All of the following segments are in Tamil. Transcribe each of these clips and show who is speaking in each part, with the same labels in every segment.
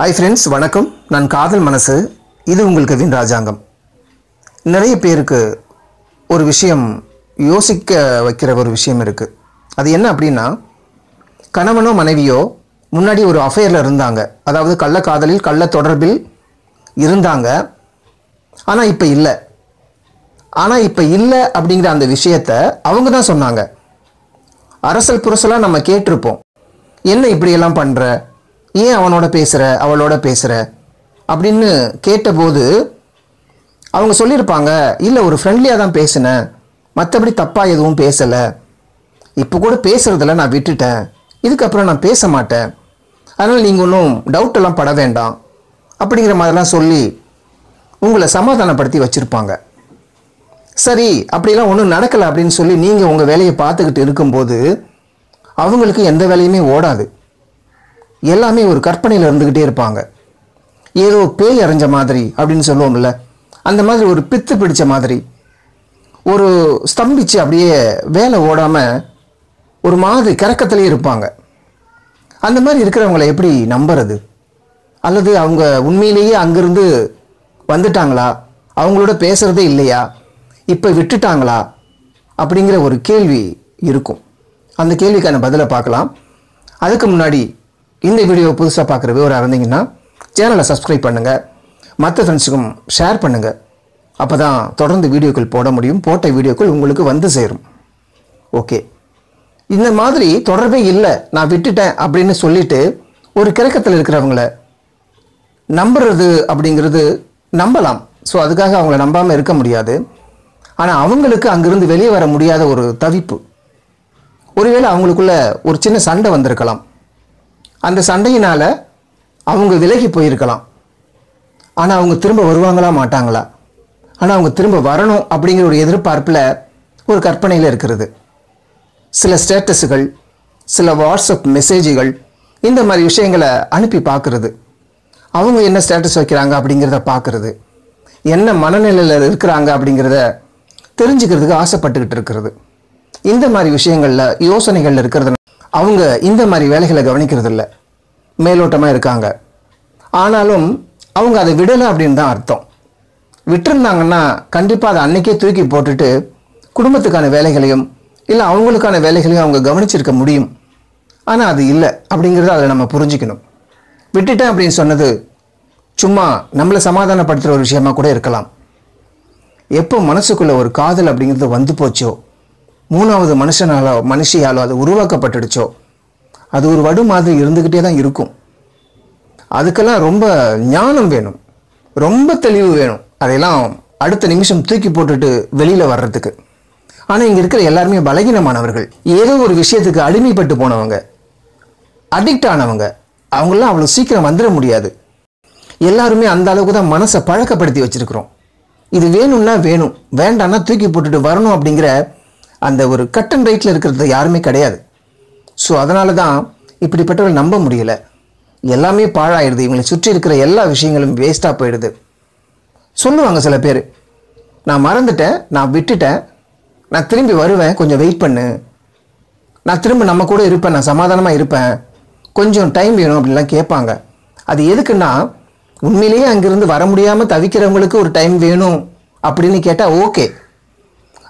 Speaker 1: ஹாய் ஃப்ரெண்ட்ஸ் வணக்கம் நான் காதல் மனசு இது உங்களுக்கு வின் ராஜாங்கம் நிறைய பேருக்கு ஒரு விஷயம் யோசிக்க வைக்கிற ஒரு விஷயம் இருக்குது அது என்ன அப்படின்னா கணவனோ மனைவியோ முன்னாடி ஒரு அஃபேரில் இருந்தாங்க அதாவது கள்ள காதலில் கள்ள தொடர்பில் இருந்தாங்க ஆனால் இப்போ இல்லை ஆனால் இப்போ இல்லை அப்படிங்கிற அந்த விஷயத்த அவங்க தான் சொன்னாங்க அரசல் புரசலாக நம்ம கேட்டிருப்போம் என்ன இப்படியெல்லாம் பண்ணுற ஏன் அவனோட பேசுகிற அவளோட பேசுகிற அப்படின்னு கேட்டபோது அவங்க சொல்லியிருப்பாங்க இல்லை ஒரு ஃப்ரெண்ட்லியாக தான் பேசினேன் மற்றபடி தப்பாக எதுவும் பேசலை இப்போ கூட பேசுகிறதில்ல நான் விட்டுட்டேன் இதுக்கப்புறம் நான் பேச மாட்டேன் அதனால் நீங்கள் ஒன்றும் டவுட்டெல்லாம் பட வேண்டாம் அப்படிங்கிற மாதிரிலாம் சொல்லி உங்களை சமாதானப்படுத்தி வச்சுருப்பாங்க சரி அப்படிலாம் ஒன்றும் நடக்கலை அப்படின்னு சொல்லி நீங்கள் உங்கள் வேலையை பார்த்துக்கிட்டு இருக்கும்போது அவங்களுக்கு எந்த வேலையுமே ஓடாது எல்லாமே ஒரு கற்பனையில் இருந்துக்கிட்டே இருப்பாங்க ஏதோ பேய் அரைஞ்ச மாதிரி அப்படின்னு சொல்லுவோம்ல அந்த மாதிரி ஒரு பித்து பிடிச்ச மாதிரி ஒரு ஸ்தம்பிச்சு அப்படியே வேலை ஓடாமல் ஒரு மாதிரி கிறக்கத்துலேயே இருப்பாங்க அந்த மாதிரி இருக்கிறவங்களை எப்படி நம்புறது அல்லது அவங்க உண்மையிலேயே அங்கேருந்து வந்துட்டாங்களா அவங்களோட பேசுகிறதே இல்லையா இப்போ விட்டுட்டாங்களா அப்படிங்கிற ஒரு கேள்வி இருக்கும் அந்த கேள்விக்கான பதிலை பார்க்கலாம் அதுக்கு முன்னாடி இந்த வீடியோ புதுசாக பார்க்குற விவரம் இருந்தீங்கன்னா சேனலை சப்ஸ்கிரைப் பண்ணுங்கள் மற்ற ஃப்ரெண்ட்ஸுக்கும் ஷேர் பண்ணுங்கள் அப்போ தான் தொடர்ந்து வீடியோக்கள் போட முடியும் போட்ட வீடியோக்கள் உங்களுக்கு வந்து சேரும் ஓகே இந்த மாதிரி தொடர்பே இல்லை நான் விட்டுட்டேன் அப்படின்னு சொல்லிட்டு ஒரு கிரக்கத்தில் இருக்கிறவங்கள நம்புறது அப்படிங்கிறது நம்பலாம் ஸோ அதுக்காக அவங்கள நம்பாமல் இருக்க முடியாது ஆனால் அவங்களுக்கு அங்கிருந்து வெளியே வர முடியாத ஒரு தவிப்பு ஒருவேளை அவங்களுக்குள்ள ஒரு சின்ன சண்டை வந்திருக்கலாம் அந்த சண்டையினால் அவங்க விலகி போயிருக்கலாம் ஆனால் அவங்க திரும்ப வருவாங்களா மாட்டாங்களா ஆனால் அவங்க திரும்ப வரணும் அப்படிங்கிற ஒரு எதிர்பார்ப்பில் ஒரு கற்பனையில் இருக்கிறது சில ஸ்டேட்டஸுகள் சில வாட்ஸ்அப் மெசேஜுகள் இந்த மாதிரி விஷயங்களை அனுப்பி பார்க்குறது அவங்க என்ன ஸ்டேட்டஸ் வைக்கிறாங்க அப்படிங்கிறத பார்க்குறது என்ன மனநிலையில் இருக்கிறாங்க அப்படிங்கிறத தெரிஞ்சுக்கிறதுக்கு ஆசைப்பட்டுக்கிட்டு இருக்கிறது இந்த மாதிரி விஷயங்களில் யோசனைகள் இருக்கிறது அவங்க இந்த மாதிரி வேலைகளை கவனிக்கிறதில்ல மேலோட்டமாக இருக்காங்க ஆனாலும் அவங்க அதை விடலை அப்படின்னு தான் அர்த்தம் விட்டுருந்தாங்கன்னா கண்டிப்பாக அதை அன்றைக்கே தூக்கி போட்டுட்டு குடும்பத்துக்கான வேலைகளையும் இல்லை அவங்களுக்கான வேலைகளையும் அவங்க கவனிச்சிருக்க முடியும் ஆனால் அது இல்லை அப்படிங்கிறத அதை நம்ம புரிஞ்சுக்கணும் விட்டுட்டேன் அப்படின்னு சொன்னது சும்மா நம்மளை சமாதானப்படுத்துகிற ஒரு விஷயமா கூட இருக்கலாம் எப்போ மனசுக்குள்ளே ஒரு காதல் அப்படிங்கிறது வந்து போச்சோ மூணாவது மனுஷனாலோ மனுஷியாலோ அது உருவாக்கப்பட்டுடுச்சோ அது ஒரு வடு மாதிரி இருந்துக்கிட்டே தான் இருக்கும் அதுக்கெல்லாம் ரொம்ப ஞானம் வேணும் ரொம்ப தெளிவு வேணும் அதையெல்லாம் அடுத்த நிமிஷம் தூக்கி போட்டுட்டு வெளியில் வர்றதுக்கு ஆனால் இங்கே இருக்கிற எல்லாருமே பலகீனமானவர்கள் ஏதோ ஒரு விஷயத்துக்கு அடிமைப்பட்டு போனவங்க அடிக்ட் ஆனவங்க அவங்களாம் அவ்வளோ சீக்கிரம் வந்துட முடியாது எல்லாருமே அந்த அளவுக்கு தான் மனசை பழக்கப்படுத்தி வச்சுருக்குறோம் இது வேணும்னா வேணும் வேண்டான்னா தூக்கி போட்டுட்டு வரணும் அப்படிங்கிற அந்த ஒரு கட் அண்ட் ரைட்டில் இருக்கிறது யாருமே கிடையாது ஸோ அதனால தான் இப்படிப்பட்டவர்கள் நம்ப முடியலை எல்லாமே பாழாயிடுது இவங்களை சுற்றி இருக்கிற எல்லா விஷயங்களும் வேஸ்ட்டாக போயிடுது சொல்லுவாங்க சில பேர் நான் மறந்துட்டேன் நான் விட்டுட்டேன் நான் திரும்பி வருவேன் கொஞ்சம் வெயிட் பண்ணு நான் திரும்ப நம்ம கூட இருப்பேன் நான் சமாதானமாக இருப்பேன் கொஞ்சம் டைம் வேணும் அப்படின்லாம் கேட்பாங்க அது எதுக்குன்னா உண்மையிலேயே அங்கேருந்து வர முடியாமல் தவிக்கிறவங்களுக்கு ஒரு டைம் வேணும் அப்படின்னு கேட்டால் ஓகே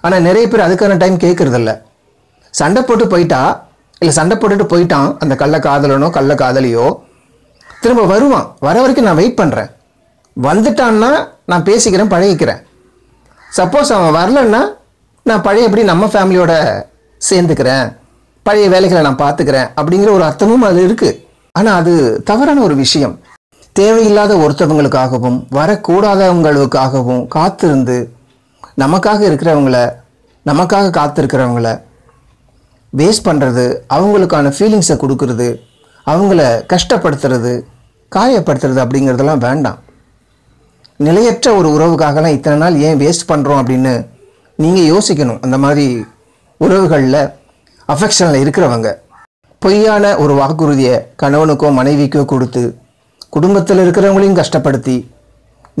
Speaker 1: ஆனால் நிறைய பேர் அதுக்கான டைம் கேட்குறதில்ல சண்டை போட்டு போயிட்டா இல்லை சண்டை போட்டுட்டு போயிட்டான் அந்த கள்ள காதலனோ கள்ள காதலியோ திரும்ப வருவான் வர வரைக்கும் நான் வெயிட் பண்ணுறேன் வந்துட்டான்னா நான் பேசிக்கிறேன் பழகிக்கிறேன் சப்போஸ் அவன் வரலன்னா நான் பழைய எப்படி நம்ம ஃபேமிலியோட சேர்ந்துக்கிறேன் பழைய வேலைகளை நான் பார்த்துக்கிறேன் அப்படிங்கிற ஒரு அர்த்தமும் அது இருக்குது ஆனால் அது தவறான ஒரு விஷயம் தேவையில்லாத ஒருத்தவங்களுக்காகவும் வரக்கூடாதவங்களுக்காகவும் காத்திருந்து நமக்காக இருக்கிறவங்கள நமக்காக காத்திருக்கிறவங்கள வேஸ்ட் பண்ணுறது அவங்களுக்கான ஃபீலிங்ஸை கொடுக்கறது அவங்கள கஷ்டப்படுத்துறது காயப்படுத்துறது அப்படிங்கிறதெல்லாம் வேண்டாம் நிலையற்ற ஒரு உறவுக்காகலாம் இத்தனை நாள் ஏன் வேஸ்ட் பண்ணுறோம் அப்படின்னு நீங்கள் யோசிக்கணும் அந்த மாதிரி உறவுகளில் அஃபெக்ஷனில் இருக்கிறவங்க பொய்யான ஒரு வாக்குறுதியை கணவனுக்கோ மனைவிக்கோ கொடுத்து குடும்பத்தில் இருக்கிறவங்களையும் கஷ்டப்படுத்தி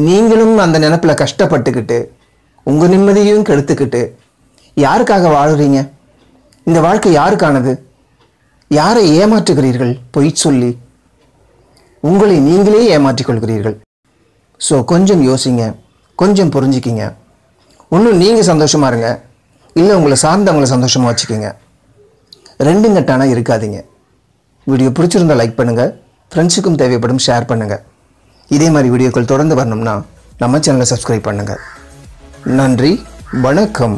Speaker 1: நீங்களும் அந்த நினப்பில் கஷ்டப்பட்டுக்கிட்டு உங்கள் நிம்மதியும் கெடுத்துக்கிட்டு யாருக்காக வாழ்கிறீங்க இந்த வாழ்க்கை யாருக்கானது யாரை ஏமாற்றுகிறீர்கள் பொய் சொல்லி உங்களை நீங்களே ஏமாற்றிக்கொள்கிறீர்கள் ஸோ கொஞ்சம் யோசிங்க கொஞ்சம் புரிஞ்சுக்கிங்க ஒன்றும் நீங்கள் சந்தோஷமாக இருங்க இல்லை உங்களை சார்ந்தவங்களை சந்தோஷமாக வச்சுக்கோங்க ரெண்டும் கட்டானா இருக்காதீங்க வீடியோ பிடிச்சிருந்தால் லைக் பண்ணுங்கள் ஃப்ரெண்ட்ஸுக்கும் தேவைப்படும் ஷேர் பண்ணுங்கள் இதே மாதிரி வீடியோக்கள் தொடர்ந்து வரணும்னா நம்ம சேனலை சப்ஸ்கிரைப் பண்ணுங்கள் நன்றி வணக்கம்